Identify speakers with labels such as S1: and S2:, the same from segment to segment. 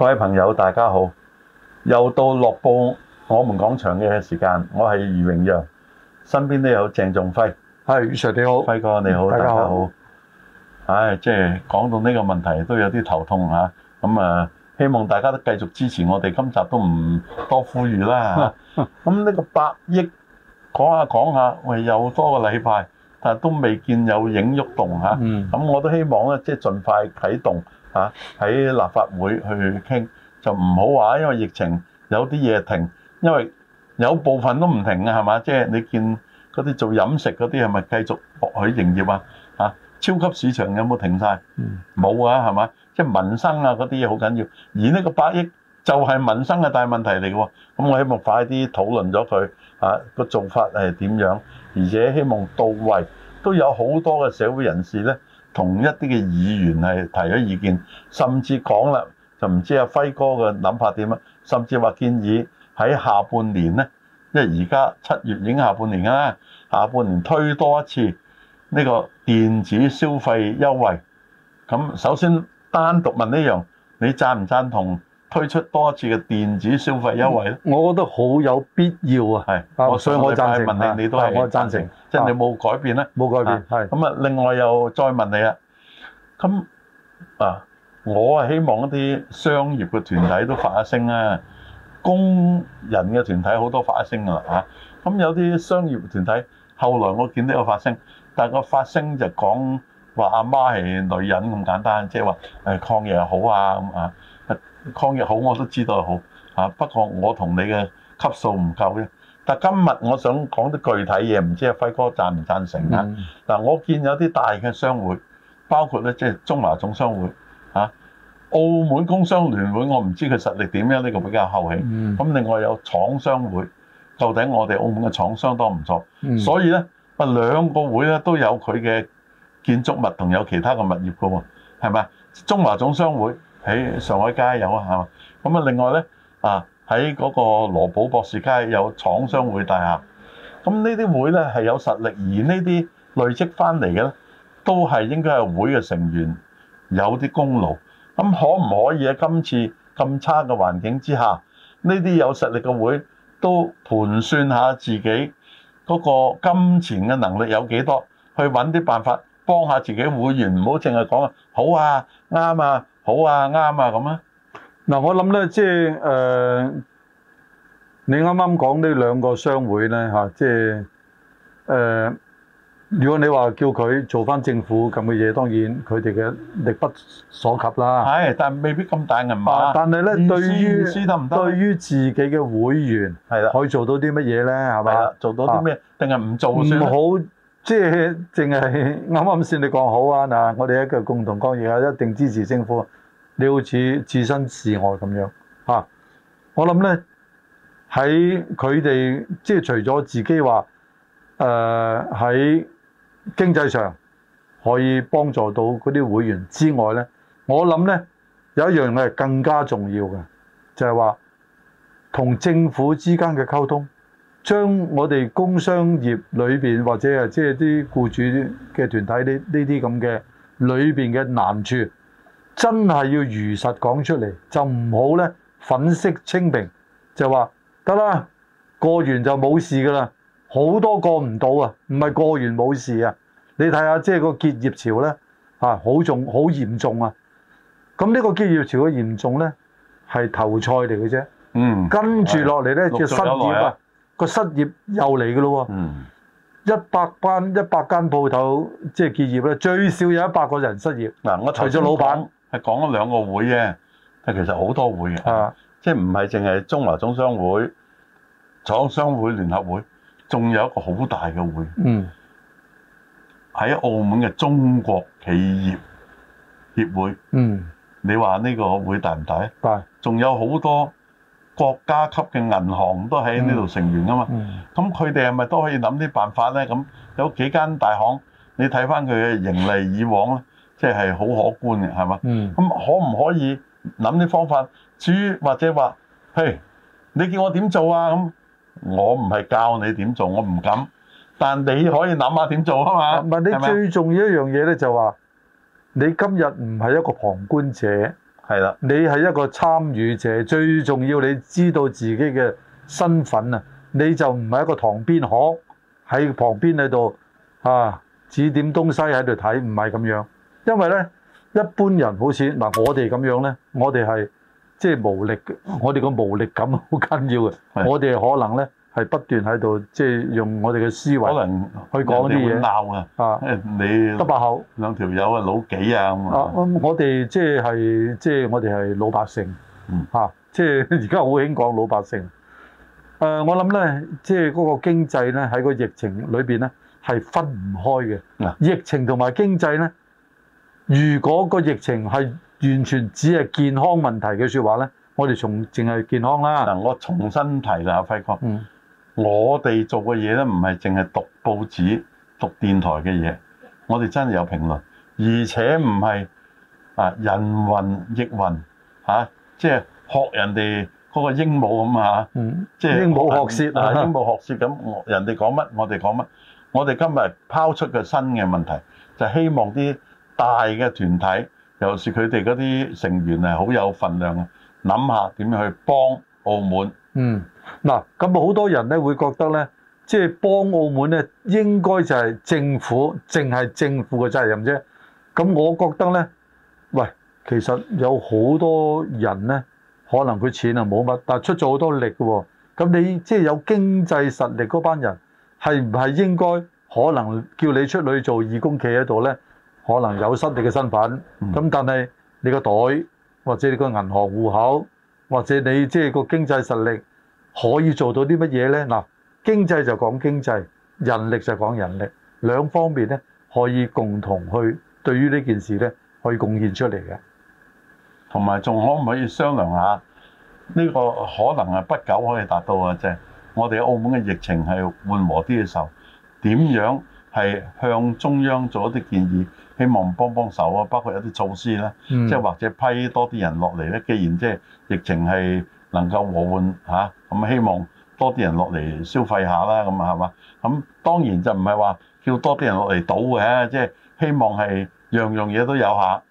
S1: 各位朋友，大家好！又到樂報我們講場嘅時間，我係余榮讓，身邊都有鄭仲輝。係，余 Sir 你好，輝哥你好，大家好。唉、哎，即係講到呢個問題都有啲頭痛嚇。咁啊、嗯，希望大家都繼續支持我哋。今集都唔多呼籲啦。咁 呢個百億講一下講下，喂、哎，又多個禮拜，但係都未見有影喐動嚇。咁、啊嗯嗯、我都希望咧，即係盡快啟動。嚇喺立法會去傾就唔好話，因為疫情有啲嘢停，因為有部分都唔停啊，係嘛？即係你見嗰啲做飲食嗰啲係咪繼續獲許營業啊？嚇，超級市場有冇停晒？嗯，冇啊，係嘛？即係民生啊，嗰啲嘢好緊要。而呢個百億就係民生嘅大問題嚟嘅喎，咁我希望快啲討論咗佢嚇，個做法係點樣，而且希望到位都有好多嘅社會人士咧。同一啲嘅議員係提咗意見，甚至講啦，就唔知阿輝哥嘅諗法點啊？甚至話建議喺下半年咧，因為而家七月已經下半年啦，下半年推多一次呢個電子消費優惠。咁首先單獨問呢樣，你贊唔贊同推出多一次嘅電子消費優惠咧？
S2: 我覺得好有必要啊！係、啊，所以我以你問你你都贊成。我贊成。即係你
S1: 冇改變咧，冇、啊啊、改變，係咁啊！另外又再問你啦，咁啊，我係希望一啲商業嘅團體都發一聲啦、啊嗯，工人嘅團體好多發一聲噶啦嚇，咁、啊、有啲商業嘅團體後來我見到有發聲，但係個發聲就講話阿媽係女人咁簡單，即係話誒抗疫又好啊咁啊，抗疫好我都知道好嚇、啊，不過我同你嘅級數唔夠啫。但今日我想講啲具體嘢，唔知阿輝哥贊唔贊成、嗯、啊？但我見有啲大嘅商會，包括咧即係中華總商會、啊、澳門工商聯會，我唔知佢實力點樣，呢、呢個比較後起。咁、嗯、另外有廠商會，究竟我哋澳門嘅廠商相當唔錯、嗯，所以咧啊兩個會咧都有佢嘅建築物同有其他嘅物業噶喎，係咪？中華總商會喺、哎、上海街有啊，係嘛？咁啊，另外咧啊。喺嗰個羅寶博士街有廠商會大廈，咁呢啲會咧係有實力，而呢啲累積翻嚟嘅咧，都係應該係會嘅成員有啲功勞。咁可唔可以喺今次咁差嘅環境之下，呢啲有實力嘅會都盤算下自己嗰個金錢嘅能力有幾多，去揾啲辦法幫下自己會員，唔好淨係講好啊！啱啊！好啊！啱啊咁啊。這樣
S2: 嗱，我諗咧，即係、呃、你啱啱講呢兩個商會咧、啊、即係、呃、如果你話叫佢做翻政府咁嘅嘢，當然佢哋嘅力不所及啦、
S1: 哎。但未必咁大銀碼、啊。但係咧，對於
S2: 對於自己嘅會員，係啦，可以做到啲乜嘢咧？係嘛，做到啲咩？定係唔做算？唔好，即係淨係啱啱先你講好啊！嗱，我哋一個共同抗疫啊，一定支持政府。你好似置身事外咁樣吓，啊，我諗咧喺，佢哋即係除咗自己話誒喺經濟上可以幫助到嗰啲會員之外咧，我諗咧有一樣係更加重要嘅，就係話同政府之間嘅溝通，將我哋工商業裏邊或者係即係啲僱主嘅團體呢呢啲咁嘅裏邊嘅難處。真係要如實講出嚟，就唔好咧粉飾太平，就話得啦過完就冇事噶啦，好多過唔到啊，唔係過完冇事啊！你睇下即係個結業潮咧嚇，好、啊、重好嚴重啊！咁呢個結業潮嘅嚴重咧係頭菜嚟嘅啫，嗯，跟住落嚟咧就係、失業個、啊、失業又嚟嘅咯喎，嗯，一百班一百間鋪頭即係結業啦，最少有一百個人失業嗱、嗯，我除咗老闆。
S1: 係講咗兩個會啫，但其實好多會嘅，即係唔係淨係中華總商會、廠商會聯合會，仲有一個好大嘅會，喺、嗯、澳門嘅中國企業協會。嗯、你話呢個會大唔大？大。仲有好多國家級嘅銀行都喺呢度成員啊嘛。咁佢哋係咪都可以諗啲辦法咧？咁有幾間大行，你睇翻佢嘅盈利以往咧？即係好可觀嘅，係嘛？咁、嗯、可唔可以諗啲方法？至於或者話，嘿，你叫我點做啊？咁我唔係教你點做，我唔敢。但你可以
S2: 諗下點做啊嘛？唔係，你最重要的一樣嘢咧，就話你今日唔係一個旁觀者，係啦，你係一個參與者。最重要，你知道自己嘅身份啊，你就唔係一個旁邊可喺旁邊喺度啊指點東西喺度睇，唔係咁樣。因為咧，一般人好似嗱我哋咁樣咧，我哋係即係無力，我哋個無力感好緊要嘅。我哋可能咧係不斷喺度，即係用我哋嘅思維去講啲嘢。你會鬧
S1: 啊！啊，你得把口兩條友啊，老幾啊咁
S2: 啊、嗯！我哋即係即係我哋係老百姓嚇，即係而家好興講老百姓。嗯，呃，我諗咧，即係嗰個經濟咧喺個疫情裏面咧係分唔開嘅。疫情同埋經濟咧。如果個疫情係完全只係健康問題嘅説話咧，我哋仲淨係健康啦。嗱，我重新提啦，阿輝哥，嗯，我哋做嘅嘢咧唔係淨係讀報紙、
S1: 讀電台嘅嘢，我哋真係有評論，而且唔係啊人云亦云嚇，即係學人哋嗰個鸚鵡咁嚇，嗯、啊，即係鸚鵡學舌啊，鸚鵡學舌咁，人哋講乜我哋講乜，我哋今日拋出嘅新嘅問題就希望啲。大嘅團體，尤其是佢哋嗰啲成員係好有份量嘅。諗下點樣去幫澳門？
S2: 嗯，嗱，咁好多人咧會覺得咧，即係幫澳門咧應該就係政府，淨係政府嘅責任啫。咁我覺得咧，喂，其實有好多人咧，可能佢錢啊冇乜，但係出咗好多力嘅喎。咁你即係有經濟實力嗰班人，係唔係應該可能叫你出去做義工，企喺度咧？可能有失你嘅身份，咁但係你個袋或者你個銀行戶口或者你即係個經濟實力可以做到啲乜嘢咧？嗱，經濟就講經濟，人力就講人力，兩方面咧可以共同去對於呢件事咧可以貢獻出嚟嘅。同埋仲可唔可以商量下？呢個可能係不
S1: 久可以達到嘅啫。我哋澳門嘅疫情係緩和啲嘅時候，點樣係向中央做一啲建議？希望幫幫手啊！包括有啲措施啦，即、嗯、係或者批多啲人落嚟咧。既然即係疫情係能夠和緩嚇，咁、啊、希望多啲人落嚟消費一下啦。咁啊係嘛？咁當然就唔係話叫多啲人落嚟賭嘅，即、就、係、是、希望係樣樣嘢都有一下。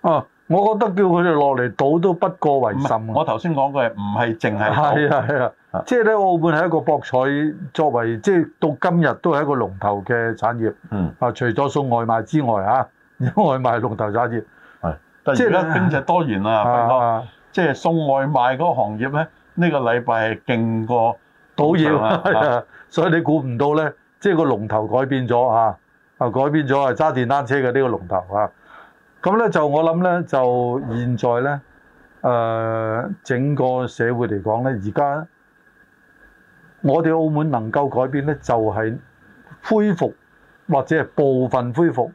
S1: 哦、啊，
S2: 我覺得叫佢哋落嚟賭都不過為甚。唔係，我
S1: 頭先講嘅唔係淨係。係啊係
S2: 啊，即係咧，澳門係一個博彩作為，即係到今日都係一個龍頭嘅產業。嗯。啊，除咗送外賣之外嚇。因為外賣龍頭揸住，係，即係而家經濟
S1: 多元啦，即係、就
S2: 是、送外賣嗰個行業咧，呢、這個禮拜係勁過賭業，所以你估唔到咧，即、就、係、是、個龍頭改變咗啊！啊，改變咗係揸電單車嘅呢個龍頭啊！咁咧就我諗咧，就現在咧、呃，整個社會嚟講咧，而家我哋澳門能夠改變咧，就係、是、恢復或者係部分恢復。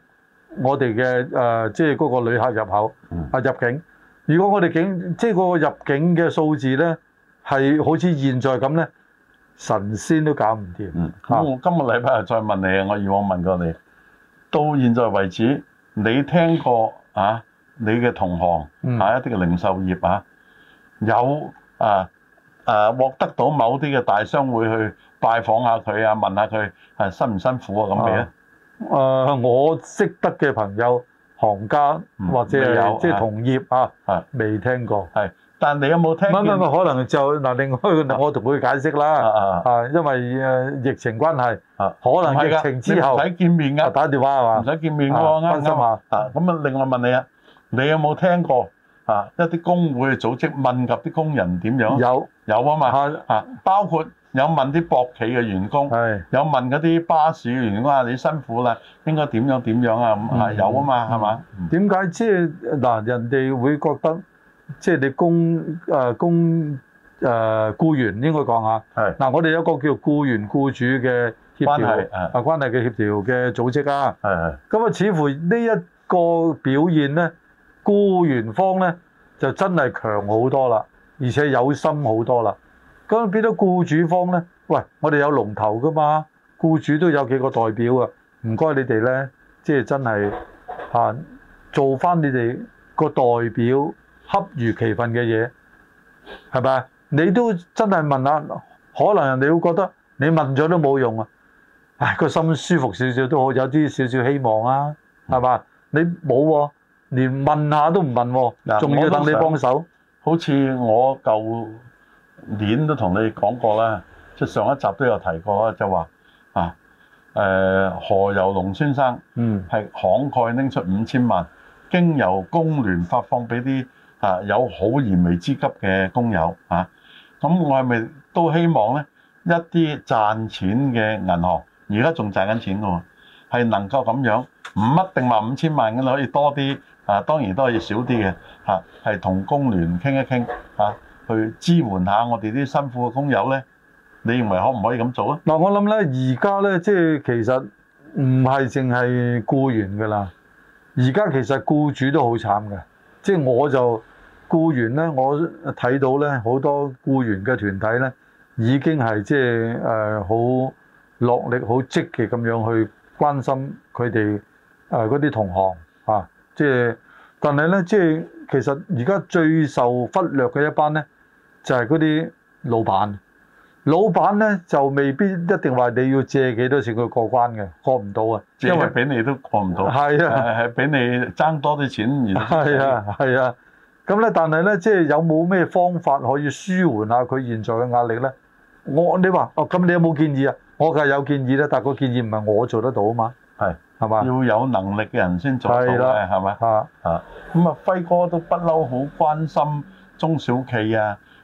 S2: 我哋嘅誒，即係嗰個旅客入口啊、嗯，入境。如果我哋警，即係嗰個入境嘅數字咧，係好似現在咁咧，神仙都搞唔掂。嗯，咁、啊、我今日禮拜日再問你啊，我以
S1: 往問過你，到現在為止，你聽過啊？你嘅同行啊，一啲嘅零售業啊，有啊啊獲得到某啲嘅大商會去拜訪下佢啊，問下佢係辛唔辛苦啊咁嘅咧？
S2: 誒，我識得嘅朋友、行家或者即係同業啊，未聽過。係，但你有冇聽過？唔唔唔，可能就嗱，另外我同佢解釋啦。啊啊啊！因為誒疫情關係，可能疫情之後唔使
S1: 見面㗎，打電話係嘛？唔使見面㗎，啱唔啱？啊咁啊！另外問你啊，你有冇聽過啊？一啲工會組織問及啲工人點樣？有有啊嘛嚇！啊，包括。有問啲博企嘅員工，有問嗰啲巴士員工，話你辛苦啦，應該點樣點樣啊？咁、嗯、啊有啊嘛，係、嗯、嘛？
S2: 點解即係嗱人哋會覺得即、就是、你公，公，供、呃、誒僱員應該講下？嗱、啊，我哋有一個叫僱員僱主嘅關係啊關係嘅協調嘅組織啊，咁啊似乎呢一個表現咧，僱員方咧就真係強好多啦，而且有心好多啦。咁變咗僱主方咧，喂，我哋有龍頭噶嘛，僱主都有幾個代表啊，唔該你哋咧，即係真係啊做翻你哋個代表恰如其分嘅嘢，係咪？你都真係問下，可能人哋會覺得你問咗都冇用啊，唉，個心舒服少少都好，有啲少少希望啊，係嘛？你冇喎，連問下都唔問喎，仲要等你幫手，
S1: 好似我舊年都同你講過啦，即係上一集都有提過啦，就話啊，誒、啊、何猷龍先生嗯係慷慨拎出五千萬，經由工聯發放俾啲啊有好燃眉之急嘅工友啊，咁我係咪都希望咧一啲賺錢嘅銀行而家仲賺緊錢喎，係能夠咁樣唔一定話五千萬嘅，可以多啲啊，當然都可以少啲嘅嚇，係、啊、同工聯傾一傾嚇。啊去支援下我哋啲辛苦嘅工
S2: 友咧，你認為可唔可以咁做啊？嗱，我諗咧，而家咧即係其實唔係淨係僱員嘅啦。而家其實僱主都好慘嘅，即係我就僱員咧，我睇到咧好多僱員嘅團體咧已經係即係誒好落力、好積極咁樣去關心佢哋誒嗰啲同行啊。即係但係咧，即係其實而家最受忽略嘅一班咧。就係嗰啲老闆，老闆咧就未必一定話你要借幾多錢佢過關嘅，過唔到啊，因為俾你都過唔到。係啊，係
S1: 俾你爭多啲錢而係啊係
S2: 啊。咁咧但係咧即係有冇咩方法可以舒緩下佢現在嘅壓力咧？我你話哦，咁你有冇建議啊？我係有建議啦，但係個建議唔係我做得到啊嘛，係係嘛，要有能力嘅人先做得到咧，係咪啊？啊，咁啊輝哥
S1: 都不嬲好關心中小企啊！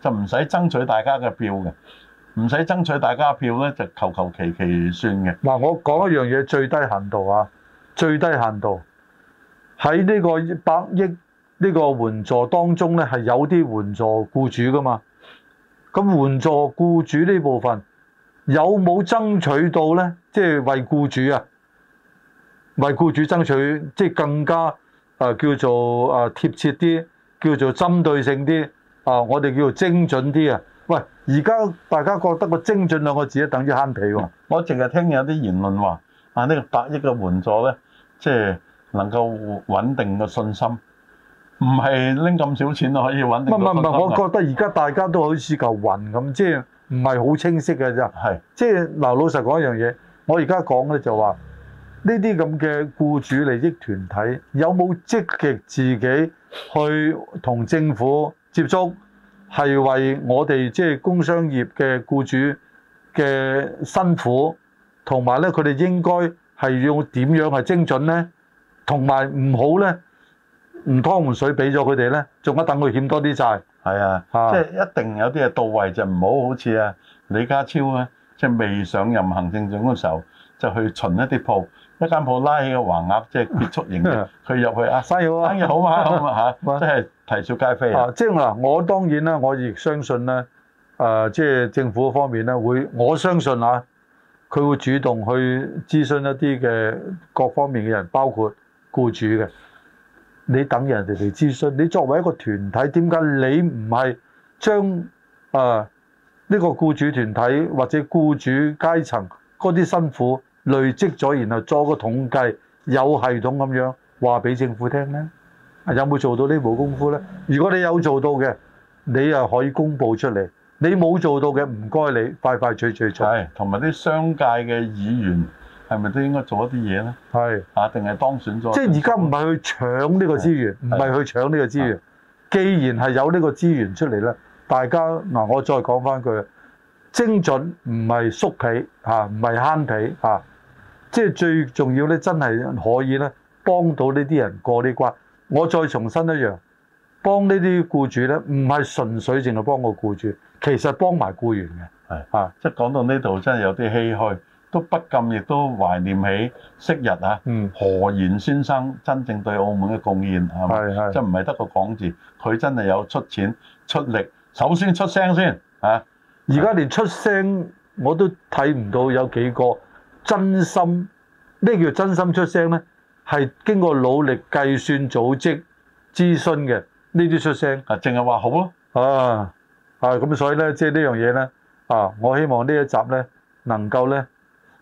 S1: 就唔使爭取大家嘅票嘅，唔使爭取大家嘅票咧，就求求其
S2: 其算嘅。嗱，我講一樣嘢最低限度啊，最低限度喺呢個百億呢個援助當中咧，係有啲援助僱主噶嘛。咁援助僱主呢部分有冇爭取到咧？即係為僱主啊，為僱主爭取即係更加啊叫做啊貼切啲，叫做針對性啲。啊！我哋叫做精準啲啊。喂，而家大家覺得個精準兩個字咧，等於慳皮喎。我淨係聽有啲言論話，啊呢個百億嘅援助咧，即係
S1: 能夠穩定個信心，唔係拎咁少錢就可以穩定的信心。唔係，唔係，我覺
S2: 得而家大家都好似嚿雲，咁即係唔係好清晰嘅啫。係，即係嗱，老實講一樣嘢，我而家講咧就話呢啲咁嘅僱主利益團體，有冇積極自己去同政府接觸係為我哋即係工商業嘅僱主嘅辛苦，同埋咧佢哋應該係要點樣係精準咧，同埋唔好咧唔湯唔水俾咗佢哋咧，仲要等佢欠多啲債。係啊，啊，即係一定有啲嘢到位就唔好，好似啊李家超啊。
S1: 即係未上任行政長官嘅時候，就去巡一啲鋪，一間鋪拉起個橫額，即係結束營業。
S2: 佢入 去，啊，
S1: 生意好啊，生、啊、意好嘛咁 啊嚇，即係啼笑皆非啊！即係
S2: 嗱，我當然啦，我亦相信咧，誒、呃，即係政府方面咧會，我相信啊，佢會主動去諮詢一啲嘅各方面嘅人，包括僱主嘅。你等人哋嚟諮詢，你作為一個團體，點解你唔係將誒，呃呢個僱主團體或者僱主階層嗰啲辛苦累積咗，然後作個統計，有系統咁樣話俾政府聽呢，有冇做到呢步功夫呢？如果你有做到嘅，你又可以公佈出嚟；你冇做到嘅，唔該你快快脆脆出。同埋啲商界嘅議員係咪都應該做一啲嘢呢？係啊，定係當
S1: 選咗？即係而家
S2: 唔係去搶呢個資源，唔係去搶呢個資源。既然係有呢個資源出嚟呢。大家嗱，我再講返句，精準唔係縮皮嚇，唔係慳皮嚇，即係最重要咧，真係可以咧，幫到呢啲人過啲關。我再重申一樣，幫呢啲僱主咧，唔係純粹淨係幫個僱主，其實幫埋僱員嘅。係啊，即係講到呢度，
S1: 真係有啲唏噓，都不禁亦都懷念起昔日嚇何賢先生真正對澳門嘅貢獻係咪？係，即係唔係得個講字，佢真係有出錢
S2: 出力。首先出聲先嚇，而家連出聲我都睇唔到有幾個真心。呢叫真心出聲咧？係經過努力計算、組織、諮詢嘅呢啲出聲。啊，淨係話好咯。啊啊，咁所以咧，即係呢樣嘢咧啊，我希望呢一集咧能夠咧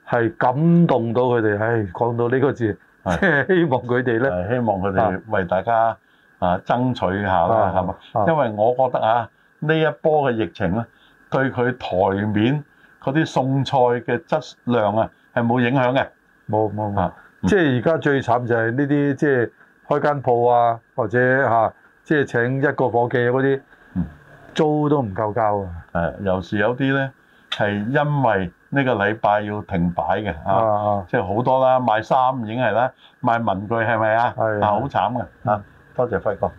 S2: 係感動到佢哋。唉，講到呢個字，即係希望佢哋咧，希望佢哋為大家啊爭取下啦，係嘛？因為我
S1: 覺得啊。呢一波嘅疫情咧，對佢台面嗰啲餸菜嘅質量啊，係冇影響嘅。冇冇冇，
S2: 即係而家最慘就係呢啲，即係開間鋪啊，或者嚇、啊，即係請一個伙計嗰啲，租都唔夠交啊。
S1: 誒，有時有啲咧係因為呢個禮拜要停擺嘅啊，啊，即係好多啦，賣衫已經係啦，賣文具係咪啊？係啊，好慘嘅嚇、啊。多謝輝哥。